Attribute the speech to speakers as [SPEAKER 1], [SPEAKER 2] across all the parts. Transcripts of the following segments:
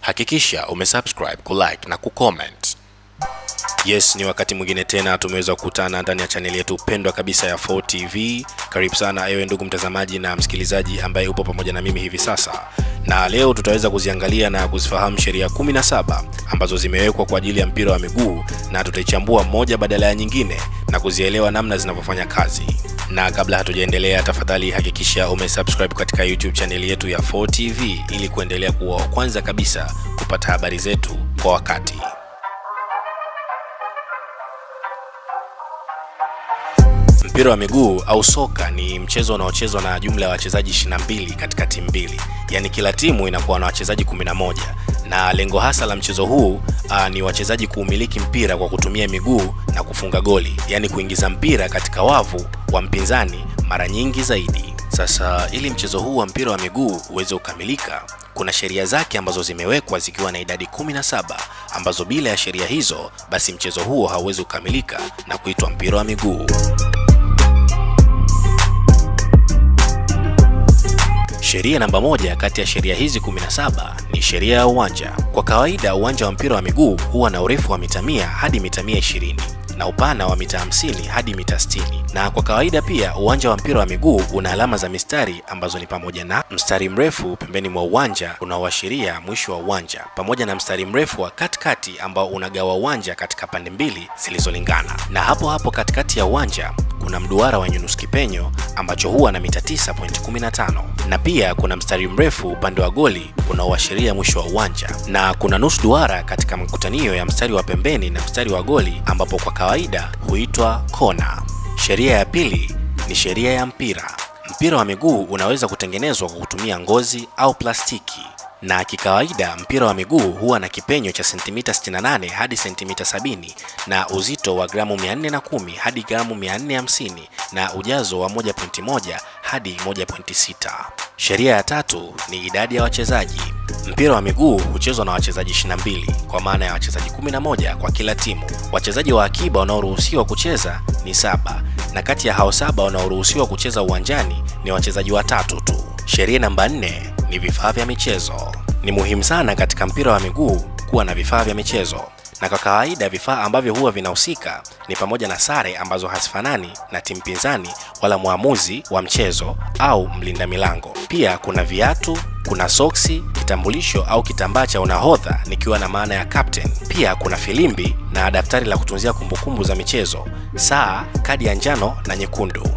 [SPEAKER 1] Hakikisha umesubscribe, kulike na kucomment. Yes, ni wakati mwingine tena tumeweza kukutana ndani ya chaneli yetu pendwa kabisa ya 4TV. Karibu sana ewe ndugu mtazamaji na msikilizaji ambaye upo pamoja na mimi hivi sasa, na leo tutaweza kuziangalia na kuzifahamu sheria 17 ambazo zimewekwa kwa ajili ya mpira wa miguu, na tutaichambua moja badala ya nyingine na kuzielewa namna zinavyofanya kazi na kabla hatujaendelea, tafadhali hakikisha umesubscribe katika YouTube chaneli yetu ya 4TV ili kuendelea kuwa wa kwanza kabisa kupata habari zetu kwa wakati. Mpira wa miguu au soka ni mchezo unaochezwa na jumla ya wachezaji 22 katika timu mbili, yaani kila timu inakuwa na wachezaji 11 na lengo hasa la mchezo huu aa, ni wachezaji kuumiliki mpira kwa kutumia miguu na kufunga goli, yaani kuingiza mpira katika wavu wa mpinzani mara nyingi zaidi. Sasa ili mchezo huu wa mpira wa miguu uweze kukamilika, kuna sheria zake ambazo zimewekwa zikiwa na idadi 17 ambazo bila ya sheria hizo, basi mchezo huo hauwezi kukamilika na kuitwa mpira wa miguu. Sheria namba moja kati ya sheria hizi 17 ni sheria ya uwanja. Kwa kawaida uwanja wa mpira wa miguu huwa na urefu wa mita hadi mita ishirini na upana wa mita 50 hadi mita 60, na kwa kawaida pia uwanja wa mpira wa miguu una alama za mistari ambazo ni pamoja na mstari mrefu pembeni mwa uwanja unaoashiria mwisho wa uwanja pamoja na mstari mrefu wa katikati ambao unagawa uwanja katika pande mbili zilizolingana, na hapo hapo katikati ya uwanja kuna mduara wenye nusu kipenyo ambacho huwa na mita 9.15 na pia kuna mstari mrefu upande wa goli unaoashiria mwisho wa uwanja na kuna nusu duara katika makutanio ya mstari wa pembeni na mstari wa goli ambapo kwa kawaida huitwa kona. Sheria ya pili ni sheria ya mpira. Mpira wa miguu unaweza kutengenezwa kwa kutumia ngozi au plastiki na kikawaida mpira wa miguu huwa na kipenyo cha sentimita 68 hadi sentimita 70 na uzito wa gramu 410 hadi gramu 450 na ujazo wa 1.1 hadi 1.6. Sheria ya tatu ni idadi ya wachezaji. Mpira wa miguu huchezwa na wachezaji 22 kwa maana ya wachezaji 11 kwa kila timu. Wachezaji wa akiba wanaoruhusiwa kucheza ni saba, na kati ya hao saba wanaoruhusiwa kucheza uwanjani ni wachezaji watatu tu. Sheria namba 4 ni vifaa vya michezo. Ni muhimu sana katika mpira wa miguu kuwa na vifaa vya michezo, na kwa kawaida vifaa ambavyo huwa vinahusika ni pamoja na sare ambazo hazifanani na timu pinzani wala mwamuzi wa mchezo au mlinda milango. Pia kuna viatu, kuna soksi, kitambulisho au kitambaa cha unahodha nikiwa na maana ya captain. Pia kuna filimbi na daftari la kutunzia kumbukumbu za michezo, saa, kadi ya njano na nyekundu.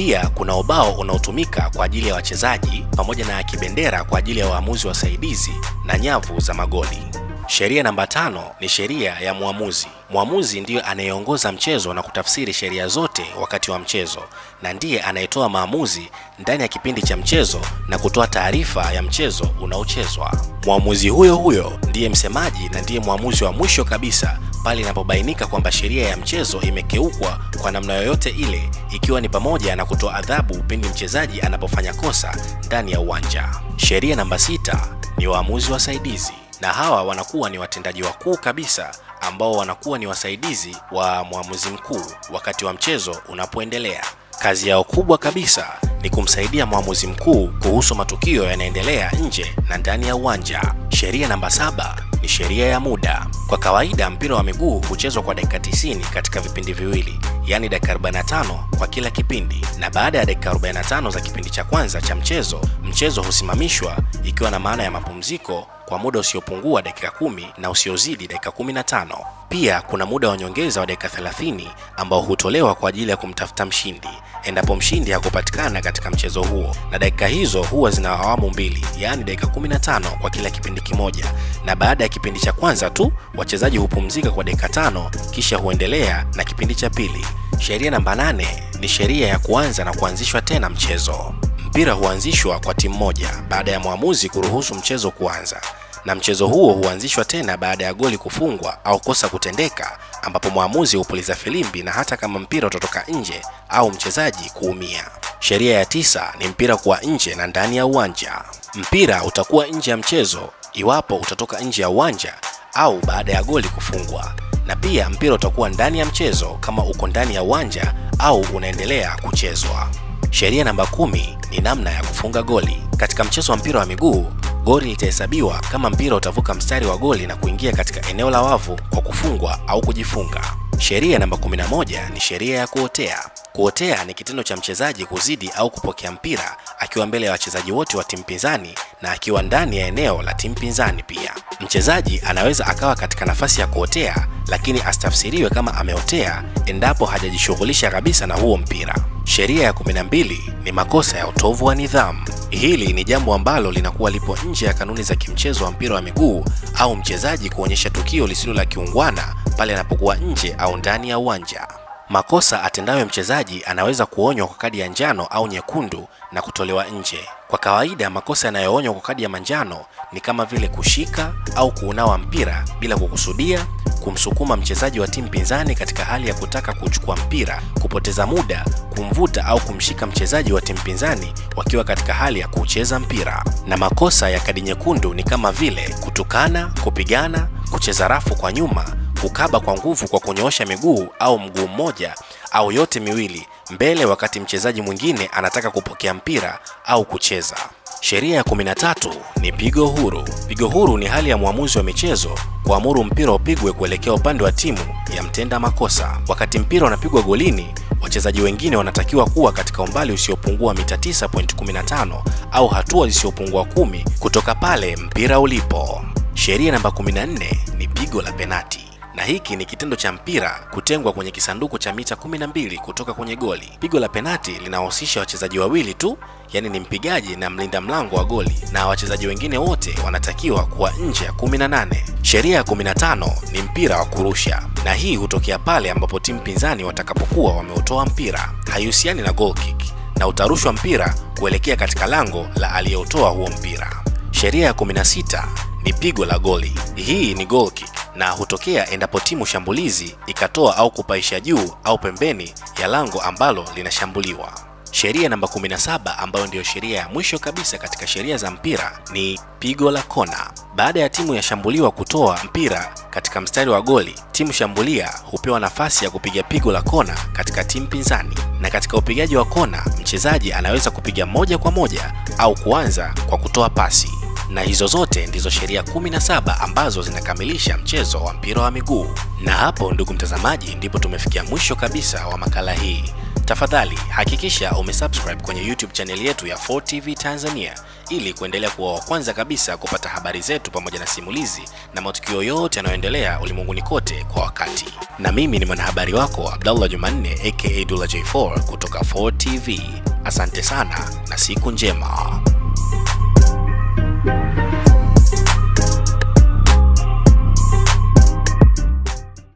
[SPEAKER 1] Pia kuna ubao unaotumika kwa ajili ya wachezaji pamoja na kibendera kwa ajili ya waamuzi wasaidizi na nyavu za magoli. Sheria namba tano ni sheria ya mwamuzi. Mwamuzi ndiyo anayeongoza mchezo na kutafsiri sheria zote wakati wa mchezo, na ndiye anayetoa maamuzi ndani ya kipindi cha mchezo na kutoa taarifa ya mchezo unaochezwa. Mwamuzi huyo huyo ndiye msemaji na ndiye mwamuzi wa mwisho kabisa pale inapobainika kwamba sheria ya mchezo imekeukwa kwa namna yoyote ile, ikiwa ni pamoja na kutoa adhabu pindi mchezaji anapofanya kosa ndani ya uwanja. Sheria namba sita ni waamuzi wasaidizi, na hawa wanakuwa ni watendaji wakuu kabisa ambao wanakuwa ni wasaidizi wa mwamuzi mkuu wakati wa mchezo unapoendelea. Kazi yao kubwa kabisa ni kumsaidia mwamuzi mkuu kuhusu matukio yanaendelea nje na ndani ya uwanja. Sheria namba saba ni sheria ya muda. Kwa kawaida mpira wa miguu huchezwa kwa dakika 90 katika vipindi viwili, yaani dakika 45 kwa kila kipindi, na baada ya dakika 45 za kipindi cha kwanza cha mchezo, mchezo husimamishwa ikiwa na maana ya mapumziko kwa muda usiopungua dakika kumi na usiozidi dakika kumi na tano. Pia kuna muda wa nyongeza wa dakika 30 ambao hutolewa kwa ajili ya kumtafuta mshindi endapo mshindi hakupatikana katika mchezo huo, na dakika hizo huwa zina awamu mbili, yaani dakika 15 kwa kila kipindi kimoja, na baada ya kipindi cha kwanza tu wachezaji hupumzika kwa dakika tano, kisha huendelea na kipindi cha pili. Sheria namba 8 ni sheria ya kuanza na kuanzishwa tena mchezo. Mpira huanzishwa kwa timu moja baada ya mwamuzi kuruhusu mchezo kuanza, na mchezo huo huanzishwa tena baada ya goli kufungwa au kosa kutendeka, ambapo mwamuzi hupuliza filimbi na hata kama mpira utatoka nje au mchezaji kuumia. Sheria ya tisa ni mpira kuwa nje na ndani ya uwanja. Mpira utakuwa nje ya mchezo iwapo utatoka nje ya uwanja au baada ya goli kufungwa, na pia mpira utakuwa ndani ya mchezo kama uko ndani ya uwanja au unaendelea kuchezwa. Sheria namba kumi ni namna ya kufunga goli. Katika mchezo wa mpira wa miguu, goli litahesabiwa kama mpira utavuka mstari wa goli na kuingia katika eneo la wavu kwa kufungwa au kujifunga. Sheria namba 11 ni sheria ya kuotea. Kuotea ni kitendo cha mchezaji kuzidi au kupokea mpira akiwa mbele ya wachezaji wote wa timu pinzani na akiwa ndani ya eneo la timu pinzani pia. Mchezaji anaweza akawa katika nafasi ya kuotea, lakini asitafsiriwe kama ameotea endapo hajajishughulisha kabisa na huo mpira. Sheria ya 12 ni makosa ya utovu wa nidhamu. Hili ni jambo ambalo linakuwa lipo nje ya kanuni za kimchezo wa mpira wa miguu au mchezaji kuonyesha tukio lisilo la kiungwana pale anapokuwa nje au ndani ya uwanja. Makosa atendayo mchezaji anaweza kuonywa kwa kadi ya njano au nyekundu na kutolewa nje. Kwa kawaida, makosa yanayoonywa kwa kadi ya manjano ni kama vile kushika au kuunawa mpira bila kukusudia, kumsukuma mchezaji wa timu pinzani katika hali ya kutaka kuchukua mpira, kupoteza muda, kumvuta au kumshika mchezaji wa timu pinzani wakiwa katika hali ya kucheza mpira. Na makosa ya kadi nyekundu ni kama vile kutukana, kupigana, kucheza rafu kwa nyuma kukaba kwa nguvu kwa kunyoosha miguu au mguu mmoja au yote miwili mbele wakati mchezaji mwingine anataka kupokea mpira au kucheza. Sheria ya 13 ni pigo huru. Pigo huru ni hali ya mwamuzi wa michezo kuamuru mpira upigwe kuelekea upande wa timu ya mtenda makosa. Wakati mpira unapigwa golini, wachezaji wengine wanatakiwa kuwa katika umbali usiopungua mita 9.15 au hatua zisizopungua kumi kutoka pale mpira ulipo. Sheria namba 14 ni pigo la penati hiki ni kitendo cha mpira kutengwa kwenye kisanduku cha mita 12 kutoka kwenye goli. Pigo la penati linahusisha wachezaji wawili tu, yaani ni mpigaji na mlinda mlango wa goli, na wachezaji wengine wote wanatakiwa kuwa nje ya 18. Sheria ya 15 ni mpira wa kurusha, na hii hutokea pale ambapo timu pinzani watakapokuwa wameutoa mpira. Haihusiani na goal kick na utarushwa mpira kuelekea katika lango la aliyeutoa huo mpira. Sheria ya 16 ni pigo la goli. Hii ni goal kick na hutokea endapo timu shambulizi ikatoa au kupaisha juu au pembeni ya lango ambalo linashambuliwa. Sheria namba 17 ambayo ndiyo sheria ya mwisho kabisa katika sheria za mpira ni pigo la kona. Baada ya timu ya shambuliwa kutoa mpira katika mstari wa goli, timu shambulia hupewa nafasi ya kupiga pigo la kona katika timu pinzani. Na katika upigaji wa kona, mchezaji anaweza kupiga moja kwa moja au kuanza kwa kutoa pasi na hizo zote ndizo sheria 17 ambazo zinakamilisha mchezo wa mpira wa miguu. Na hapo, ndugu mtazamaji, ndipo tumefikia mwisho kabisa wa makala hii. Tafadhali hakikisha umesubscribe kwenye YouTube chaneli yetu ya 4TV Tanzania ili kuendelea kuwa wa kwanza kabisa kupata habari zetu pamoja na simulizi na matukio yote yanayoendelea ulimwenguni kote kwa wakati. Na mimi ni mwanahabari wako Abdallah Jumanne aka Dula J4 kutoka 4TV. Asante sana na siku njema.